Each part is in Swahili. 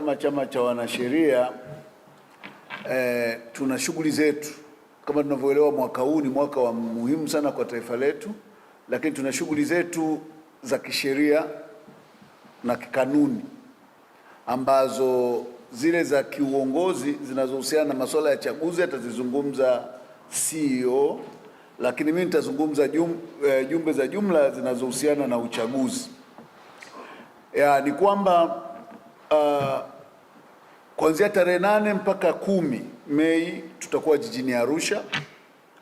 kama chama cha wanasheria e, tuna shughuli zetu kama tunavyoelewa. Mwaka huu ni mwaka wa muhimu sana kwa taifa letu, lakini tuna shughuli zetu za kisheria na kikanuni ambazo zile za kiuongozi zinazohusiana na masuala ya chaguzi atazizungumza CEO, lakini mimi nitazungumza jum, e, jumbe za jumla zinazohusiana na uchaguzi ya, ni kwamba uh, kuanzia tarehe nane mpaka kumi Mei tutakuwa jijini Arusha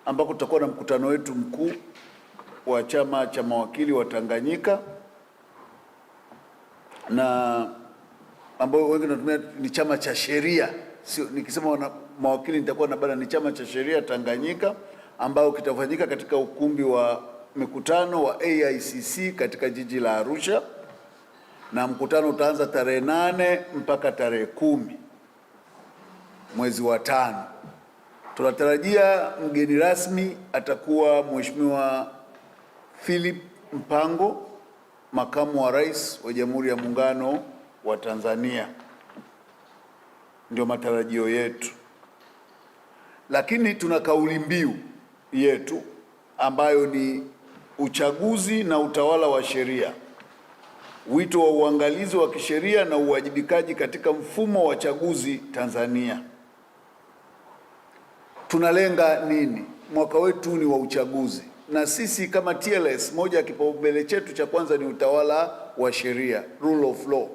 ambako tutakuwa na mkutano wetu mkuu wa chama cha mawakili wa Tanganyika na ambao wengi natumia ni chama cha sheria. Sio nikisema wana, mawakili nitakuwa na bana, ni chama cha sheria Tanganyika ambao kitafanyika katika ukumbi wa mikutano wa AICC katika jiji la Arusha na mkutano utaanza tarehe nane mpaka tarehe kumi mwezi wa tano. Tunatarajia mgeni rasmi atakuwa Mheshimiwa Philip Mpango, makamu wa rais wa Jamhuri ya Muungano wa Tanzania, ndio matarajio yetu. Lakini tuna kauli mbiu yetu ambayo ni uchaguzi na utawala wa sheria wito wa uangalizi wa kisheria na uwajibikaji katika mfumo wa chaguzi Tanzania. Tunalenga nini? Mwaka wetu ni wa uchaguzi, na sisi kama TLS, moja ya kipaumbele chetu cha kwanza ni utawala wa sheria, rule of law,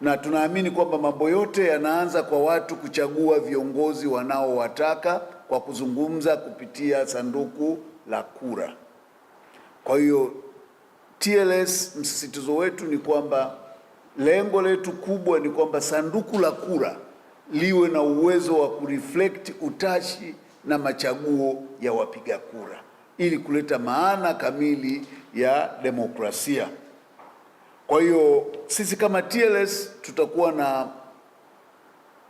na tunaamini kwamba mambo yote yanaanza kwa watu kuchagua viongozi wanaowataka kwa kuzungumza kupitia sanduku la kura. Kwa hiyo TLS, msisitizo wetu ni kwamba lengo letu kubwa ni kwamba sanduku la kura liwe na uwezo wa kureflect utashi na machaguo ya wapiga kura ili kuleta maana kamili ya demokrasia. Kwa hiyo sisi kama TLS tutakuwa na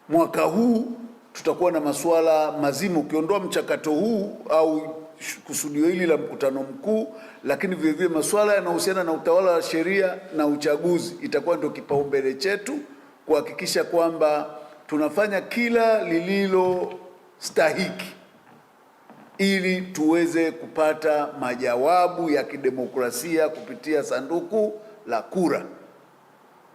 mwaka huu tutakuwa na masuala mazima, ukiondoa mchakato huu au kusudio hili la mkutano mkuu, lakini vilevile masuala yanayohusiana na utawala wa sheria na uchaguzi itakuwa ndio kipaumbele chetu kuhakikisha kwamba tunafanya kila lililo stahiki ili tuweze kupata majawabu ya kidemokrasia kupitia sanduku la kura.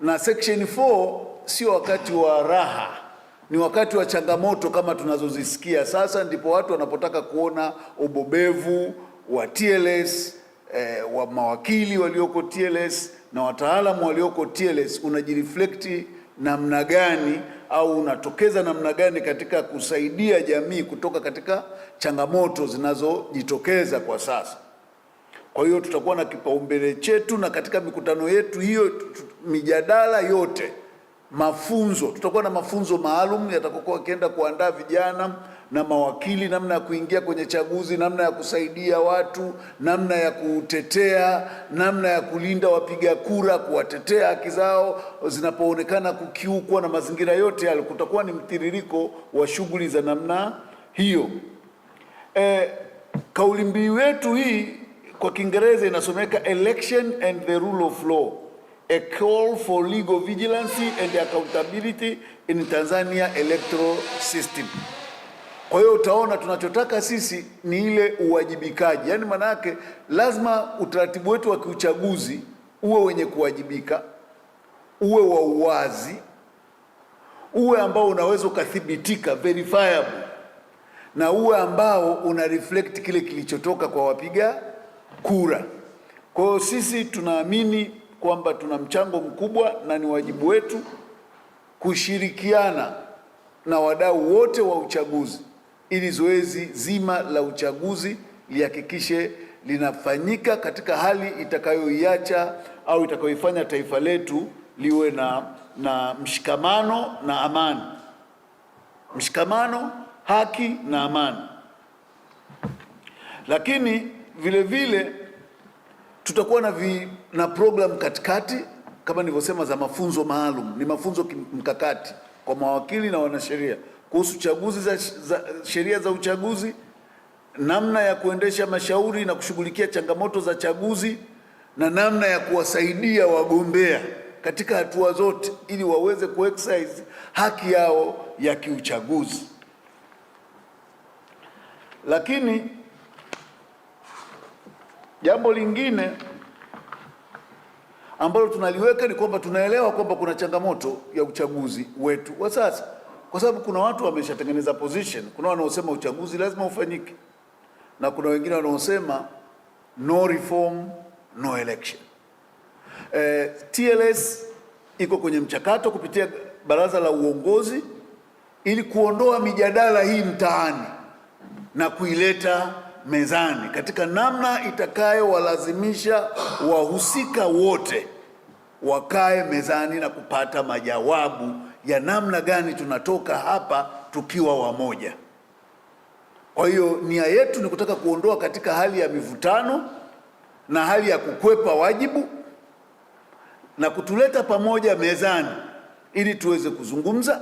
Na section 4 sio wakati wa raha. Ni wakati wa changamoto kama tunazozisikia sasa, ndipo watu wanapotaka kuona ubobevu wa TLS eh, wa mawakili walioko TLS na wataalamu walioko TLS unajireflekti namna gani au unatokeza namna gani katika kusaidia jamii kutoka katika changamoto zinazojitokeza kwa sasa. Kwa hiyo tutakuwa na kipaumbele chetu, na katika mikutano yetu hiyo, mijadala yote mafunzo. Tutakuwa na mafunzo maalum yatakokuwa akienda kuandaa vijana na mawakili namna ya kuingia kwenye chaguzi, namna ya kusaidia watu, namna ya kutetea, namna ya kulinda wapiga kura, kuwatetea haki zao zinapoonekana kukiukwa, na mazingira yote yale. Kutakuwa ni mtiririko wa shughuli za namna hiyo. E, kauli mbiu yetu hii kwa Kiingereza inasomeka election and the rule of law a call for legal vigilance and accountability in Tanzania electoral system. Kwa hiyo utaona tunachotaka sisi ni ile uwajibikaji, yaani maana yake lazima utaratibu wetu wa kiuchaguzi uwe wenye kuwajibika, uwe wa uwazi, uwe ambao unaweza ukathibitika verifiable, na uwe ambao una reflect kile kilichotoka kwa wapiga kura. Kwa hiyo sisi tunaamini kwamba tuna mchango mkubwa na ni wajibu wetu kushirikiana na wadau wote wa uchaguzi ili zoezi zima la uchaguzi lihakikishe linafanyika katika hali itakayoiacha au itakayoifanya taifa letu liwe na, na mshikamano na amani. Mshikamano, haki na amani. Lakini vile vile Tutakuwa na, vi, na program katikati kama nilivyosema za mafunzo maalum, ni mafunzo mkakati kwa mawakili na wanasheria kuhusu chaguzi za, za, sheria za uchaguzi, namna ya kuendesha mashauri na kushughulikia changamoto za chaguzi na namna ya kuwasaidia wagombea katika hatua zote ili waweze kuexercise haki yao ya kiuchaguzi. Lakini Jambo lingine ambalo tunaliweka ni kwamba tunaelewa kwamba kuna changamoto ya uchaguzi wetu wa sasa, kwa sababu kuna watu wameshatengeneza position. Kuna wanaosema uchaguzi lazima ufanyike na kuna wengine wanaosema no reform no election. E, eh, TLS iko kwenye mchakato kupitia baraza la uongozi ili kuondoa mijadala hii mtaani na kuileta mezani katika namna itakayowalazimisha wahusika wote wakae mezani na kupata majawabu ya namna gani tunatoka hapa tukiwa wamoja. Kwa hiyo nia yetu ni kutaka kuondoa katika hali ya mivutano na hali ya kukwepa wajibu na kutuleta pamoja mezani ili tuweze kuzungumza,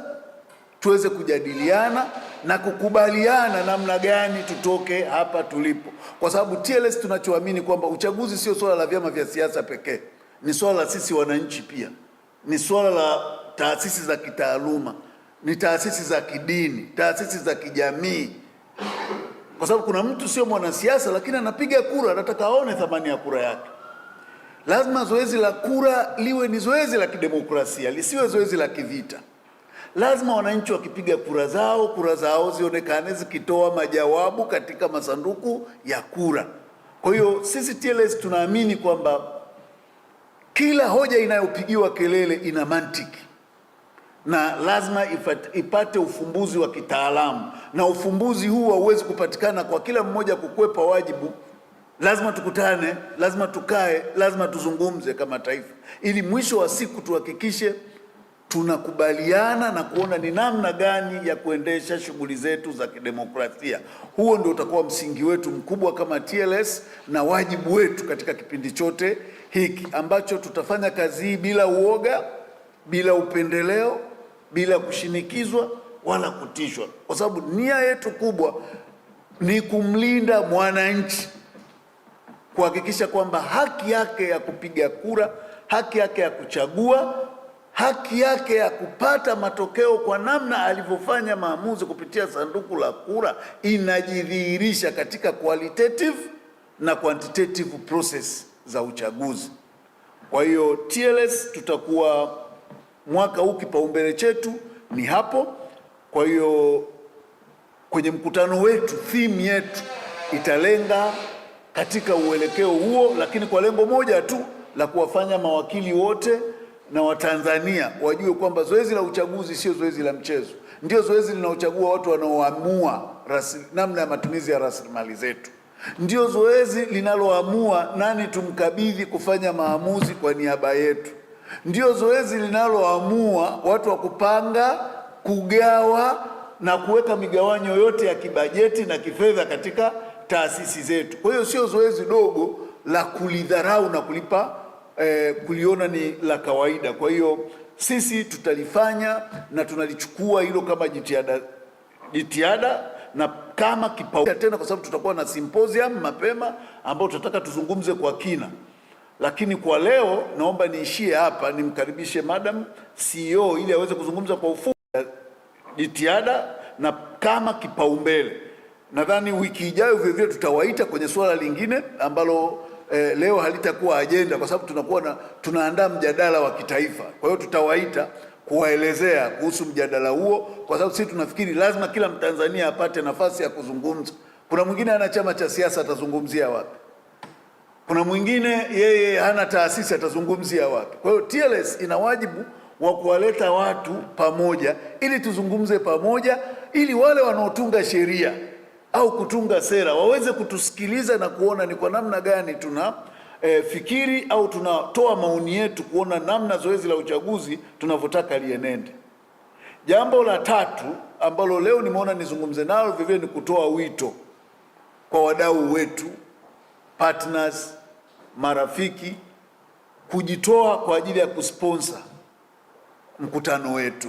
tuweze kujadiliana na kukubaliana namna gani tutoke hapa tulipo, kwa sababu TLS tunachoamini kwamba uchaguzi sio swala la vyama vya siasa pekee, ni swala la sisi wananchi pia, ni swala la taasisi za kitaaluma, ni taasisi za kidini, taasisi za kijamii, kwa sababu kuna mtu sio mwanasiasa lakini anapiga kura, anataka aone thamani ya kura yake. Lazima zoezi la kura liwe ni zoezi la kidemokrasia, lisiwe zoezi la kivita lazima wananchi wakipiga kura zao, kura zao zionekane zikitoa majawabu katika masanduku ya kura. Kwa hiyo sisi TLS tunaamini kwamba kila hoja inayopigiwa kelele ina mantiki na lazima ipate ufumbuzi wa kitaalamu, na ufumbuzi huu hauwezi kupatikana kwa kila mmoja kukwepa wajibu. Lazima tukutane, lazima tukae, lazima tuzungumze kama taifa, ili mwisho wa siku tuhakikishe tunakubaliana na kuona ni namna gani ya kuendesha shughuli zetu za kidemokrasia. Huo ndio utakuwa msingi wetu mkubwa kama TLS na wajibu wetu katika kipindi chote hiki ambacho tutafanya kazi hii bila uoga, bila upendeleo, bila kushinikizwa wala kutishwa, kwa sababu nia yetu kubwa ni kumlinda mwananchi, kuhakikisha kwamba haki yake ya kupiga kura, haki yake ya kuchagua haki yake ya kupata matokeo kwa namna alivyofanya maamuzi kupitia sanduku la kura inajidhihirisha katika qualitative na quantitative process za uchaguzi. Kwa hiyo TLS tutakuwa mwaka huu kipaumbele chetu ni hapo. Kwa hiyo kwenye mkutano wetu theme yetu italenga katika uelekeo huo, lakini kwa lengo moja tu la kuwafanya mawakili wote na Watanzania wajue kwamba zoezi la uchaguzi sio zoezi la mchezo, ndio zoezi linaochagua watu wanaoamua namna ya matumizi ya rasilimali zetu, ndio zoezi linaloamua nani tumkabidhi kufanya maamuzi kwa niaba yetu, ndio zoezi linaloamua watu wa kupanga, kugawa na kuweka migawanyo yote ya kibajeti na kifedha katika taasisi zetu. Kwa hiyo sio zoezi dogo la kulidharau na kulipa eh, kuliona ni la kawaida. Kwa hiyo sisi tutalifanya na tunalichukua hilo kama jitihada, jitihada na kama kipaumbele tena, kwa sababu tutakuwa na symposium mapema ambao tutataka tuzungumze kwa kina, lakini kwa leo naomba niishie hapa, nimkaribishe Madam CEO ili aweze kuzungumza kwa ufupi jitihada na kama kipaumbele. Nadhani wiki ijayo vilevile tutawaita kwenye suala lingine ambalo eh, leo halitakuwa ajenda kwa sababu tunakuwa na tunaandaa mjadala wa kitaifa. Kwa hiyo tutawaita kuwaelezea kuhusu mjadala huo, kwa sababu sisi tunafikiri lazima kila Mtanzania apate nafasi ya kuzungumza. Kuna mwingine ana chama cha siasa, atazungumzia wapi? Kuna mwingine yeye hana taasisi, atazungumzia wapi? Kwa hiyo TLS ina wajibu wa kuwaleta watu pamoja ili tuzungumze pamoja, ili wale wanaotunga sheria au kutunga sera waweze kutusikiliza na kuona ni kwa namna gani tuna e, fikiri au tunatoa maoni yetu kuona namna zoezi la uchaguzi tunavyotaka lienende. Jambo la tatu ambalo leo nimeona nizungumze nalo vivyo ni kutoa wito kwa wadau wetu partners, marafiki kujitoa kwa ajili ya kusponsor mkutano wetu.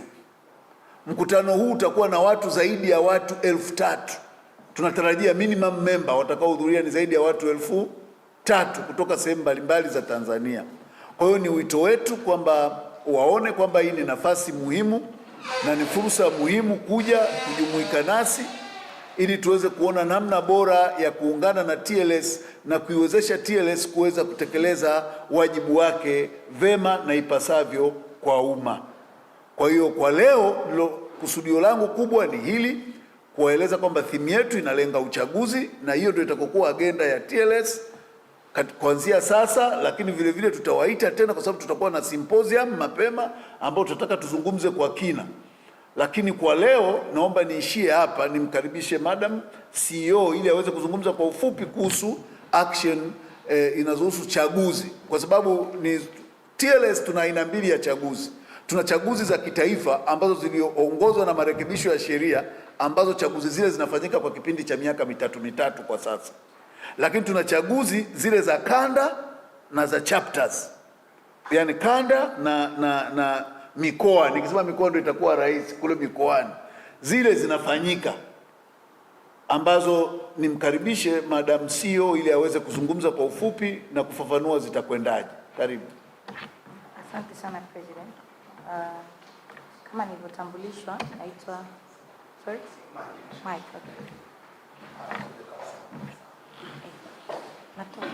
Mkutano huu utakuwa na watu zaidi ya watu elfu tatu Tunatarajia minimum memba watakaohudhuria ni zaidi ya watu elfu tatu kutoka sehemu mbalimbali za Tanzania. Kwa hiyo ni wito wetu kwamba waone kwamba hii ni nafasi muhimu na ni fursa muhimu kuja kujumuika nasi ili tuweze kuona namna bora ya kuungana na TLS na kuiwezesha TLS kuweza kutekeleza wajibu wake vema na ipasavyo kwa umma. Kwa hiyo kwa leo, kusudio langu kubwa ni hili kuwaeleza kwamba thimu yetu inalenga uchaguzi, na hiyo ndio itakokuwa agenda ya TLS kuanzia sasa, lakini vile vile tutawaita tena, kwa sababu tutakuwa na symposium mapema ambayo tutataka tuzungumze kwa kina. Lakini kwa leo naomba niishie hapa, nimkaribishe Madam CEO ili aweze kuzungumza kwa ufupi kuhusu action eh, inazohusu chaguzi, kwa sababu ni TLS tuna aina mbili ya chaguzi. Tuna chaguzi za kitaifa ambazo ziliongozwa na marekebisho ya sheria ambazo chaguzi zile zinafanyika kwa kipindi cha miaka mitatu mitatu kwa sasa, lakini tuna chaguzi zile za kanda na za chapters, yani kanda na, na, na mikoa. Nikisema mikoa ndio itakuwa rais kule mikoani, zile zinafanyika ambazo nimkaribishe Madam CEO ili aweze kuzungumza kwa ufupi na kufafanua zitakwendaje. Karibu. Asante sana President. Uh, kama nilivyotambulishwa naitwa Michael, Michael.